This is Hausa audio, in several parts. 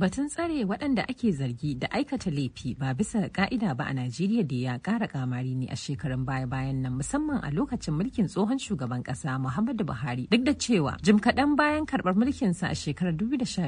Batun tsare waɗanda ake zargi da aikata laifi ba bisa ka'ida ba a Najeriya da ya ƙara kamari ne a shekarun baya-bayan nan musamman a lokacin mulkin tsohon shugaban ƙasa Muhammadu Buhari duk da cewa jim kaɗan bayan karɓar mulkinsa a shekarar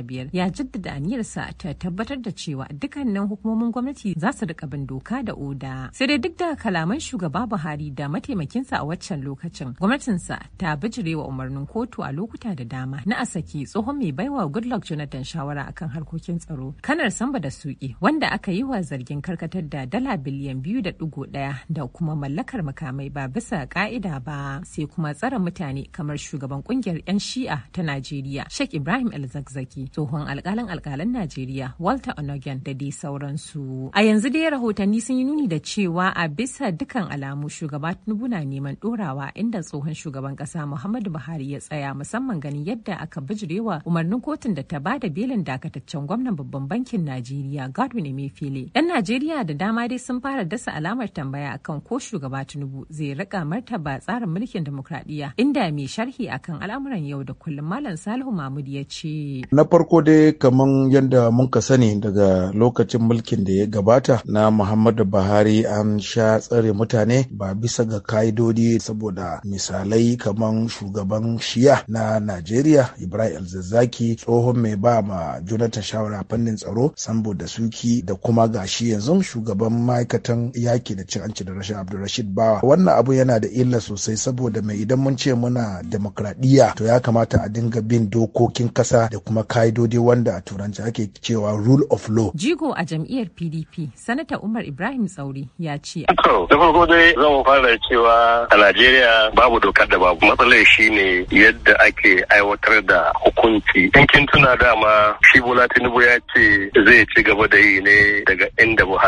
biyar, ya jaddada aniyarsa ta tabbatar da cewa dukkanin hukumomin gwamnati za su riƙa bin doka da oda. Sai dai duk da kalaman shugaba Buhari da mataimakinsa a waccan lokacin gwamnatinsa ta bijirewa umarnin kotu a lokuta da dama na a saki tsohon mai baiwa Goodluck Jonathan shawara akan harkokin harkokin tsaro kanar samba da suki wanda aka yi wa zargin karkatar da dala biliyan biyu da digo daya da kuma mallakar makamai ba bisa ka'ida ba sai kuma tsaron mutane kamar shugaban kungiyar 'yan shi'a ta najeriya sheikh ibrahim alzakzaki tsohon alkalin alkalin najeriya walter onogen da dai sauransu a yanzu dai rahotanni sun yi nuni da cewa a bisa dukkan alamu shugaba tinubu na neman dorawa inda tsohon shugaban kasa muhammadu buhari ya tsaya musamman ganin yadda aka bijirewa umarnin kotun da ta bada belin dakataccen gwamnan babban bankin Najeriya Godwin Emefiele. Yan Najeriya da dama dai sun fara dasa alamar tambaya akan ko shugaba Tinubu zai rika martaba tsarin mulkin demokradiyya inda mai sharhi akan al'amuran yau da kullum Malam Salihu Mahmud ya ce. Na farko dai kaman yadda ka sani daga lokacin mulkin da ya gabata na Muhammadu Buhari an sha tsare mutane ba bisa ga ka'idodi saboda misalai kaman shugaban shiya na Najeriya Ibrahim Zazzaki tsohon mai ba ma Jonathan shawara fannin tsaro sambo da suki da kuma gashi yanzu shugaban ma'aikatan yaki da cin hanci da rashin abdulrashid bawa wannan abu yana da illa sosai saboda mai idan mun ce muna demokradiyya to ya kamata a dinga bin dokokin kasa da kuma ka'idodi wanda a turanci ake cewa rule of law jigo a jam'iyyar pdp sanata umar ibrahim tsauri ya ce da farko fara cewa a najeriya babu dokar da babu matsalar shine yadda ake aiwatar da hukunci yankin tuna dama shi bola tinubu ya ce zai ci gaba da yi ne daga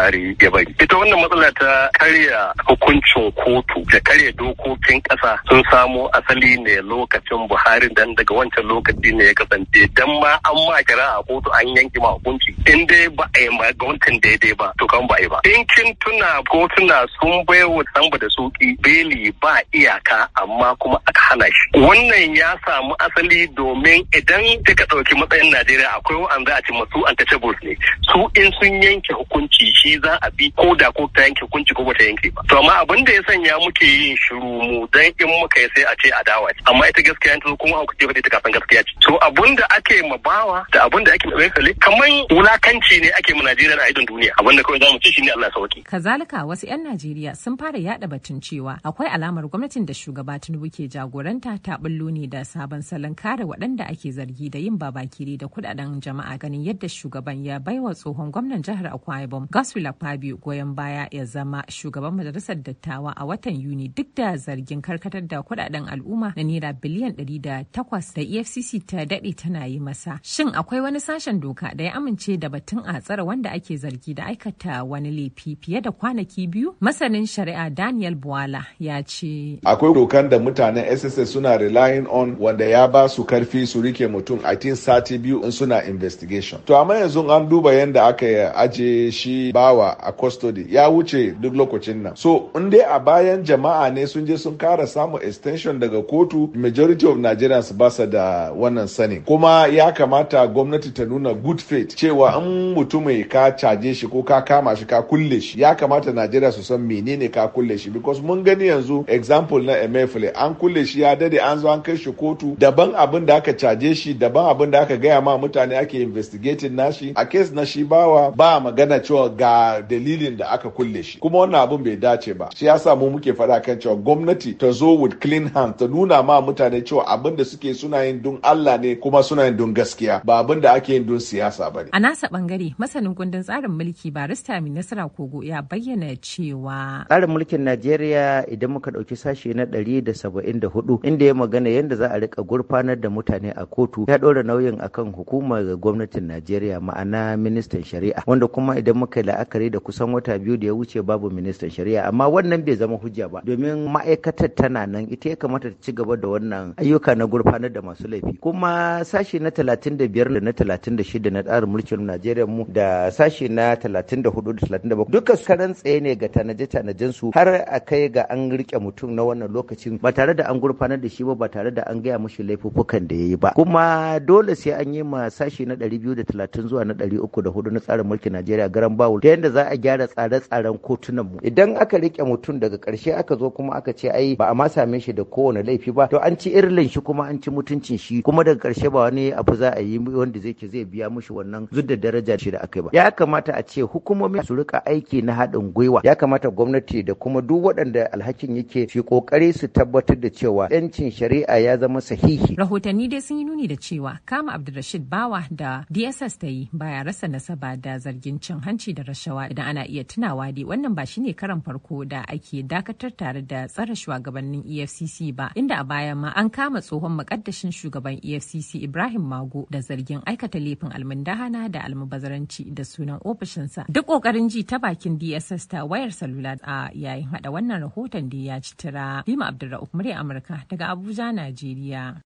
tsari ya bari. Ita wannan matsala ta karya hukuncin kotu da karya dokokin ƙasa sun samo asali ne lokacin Buhari dan daga wancan lokaci ne ya kasance dan ma an ma kira a kotu an yanke ma hukunci in dai ba a yi ma gwamnatin daidai ba to kan ba a yi ba. In kin tuna kotuna sun baiwa tamba da suki beli ba iyaka amma kuma aka hana shi. Wannan ya samu asali domin idan kika ɗauki matsayin Najeriya akwai wa'anda a ce masu ta ne su in sun yanke hukunci shi za a bi ko da ko ta yanke hukunci ko bata yanke ba to amma abin da ya sanya muke yin shiru mu dan in muka yi sai a ce a dawa. amma ita gaskiya ta kuma hauka ce ba ta kafin gaskiya ce so abin da ake ma bawa da abin da ake ma sale kamar wulakanci ne ake ma Najeriya a idon duniya abin da kawai za mu ci shi ne Allah sauki kazalika wasu yan Najeriya sun fara yada batun cewa akwai alamar gwamnatin da shugaba Tinubu ke jagoranta ta bullo ne da sabon salon kare waɗanda ake zargi da yin babakire da kudaden jama'a ganin yadda shugaban ya baiwa tsohon gwamnan jihar Akwa Ibom Gospel Nicola Fabio goyon baya ya zama shugaban majalisar dattawa a watan Yuni duk da zargin karkatar da kudaden al'umma na naira biliyan 108 da EFCC ta dade tana yi masa. Shin akwai wani sashen doka da ya amince da batun a tsare wanda ake zargi da aikata wani laifi fiye da kwanaki biyu? Masanin shari'a Daniel Buwala ya ce. Akwai dokan da mutanen SSS suna relying on wanda ya ba su karfi su rike mutum a tin sati biyu in suna investigation. To amma yanzu an duba yadda aka aje shi ba awa a custody ya wuce duk lokacin nan so in dai a bayan jama'a ne sun je sun kara samun extension daga kotu majority of nigerians ba sa da wannan sanin kuma ya kamata gwamnati ta nuna good faith cewa in mutumin ka caje shi ko ka kama shi ka kulle shi ya kamata nigeria su san menene ka kulle shi because mun gani yanzu example na emefle an kulle shi ya dade an zo an kai shi kotu daban abin da aka caje shi daban abin da aka gaya ma mutane ake investigating nashi a case na shi bawa ba magana cewa ga A dalilin da aka kulle shi kuma wannan abun bai dace ba shi yasa mu muke faɗa kan cewa gwamnati ta zo with clean hands ta nuna ma mutane cewa abin da suke suna yin don Allah ne kuma suna yin don gaskiya ba abin da ake yin don siyasa ba ne. A nasa bangare masanin kundin tsarin mulki barista mai nasara kogo ya bayyana cewa. Tsarin mulkin Najeriya idan muka ɗauki sashe na ɗari da saba'in da hudu inda ya magana yadda za a rika gurfanar da mutane a kotu ya ɗora nauyin akan hukumar gwamnatin Najeriya ma'ana ministan shari'a wanda kuma idan muka yi la'akari da kusan wata biyu da ya wuce babu ministan shari'a amma wannan bai zama hujja ba domin ma'aikatar tana nan ita ya kamata ta ci gaba da wannan ayyuka na gurfanar da masu laifi kuma sashi na 35 da na 36 na tsarin mulkin Najeriya mu da sashi na 34 da 37 duka karan tsaye ne ga tanaje-tanajen su har a kai ga an rike mutum na wannan lokacin ba tare da an gurfanar da shi ba ba tare da an gaya mushi laifuffukan da ya yi ba kuma dole sai an yi ma sashi na 230 zuwa na 304 na tsarin mulkin Najeriya garan bawul yadda za a gyara tsare-tsaren kotunan mu idan aka rike mutum daga karshe aka zo kuma aka ce ai ba a ma same shi da kowane laifi ba to an ci irin shi kuma an ci mutuncin shi kuma daga karshe ba wani abu za a yi wanda zai ke zai biya mushi wannan zudda daraja shi da aka ba ya kamata a ce hukumomi su rika aiki na haɗin gwiwa ya kamata gwamnati da kuma duk waɗanda alhakin yake su kokari su tabbatar da cewa yancin shari'a ya zama sahihi rahotanni dai sun yi nuni da cewa kama abdulrashid bawa da dss ta yi baya rasa nasaba da zargin cin hanci da rashin rashawa idan ana iya tunawa dai wannan ba shi ne karan farko da ake dakatar tare da tsara shugabannin efcc ba inda a baya ma an kama tsohon makaddashin shugaban efcc ibrahim mago da zargin aikata laifin almundahana da almubazaranci da sunan ofishinsa duk kokarin ji ta bakin dss ta wayar salula a yayin hada wannan rahoton da ya ci tira lima abdulrahman murya amurka daga abuja najeriya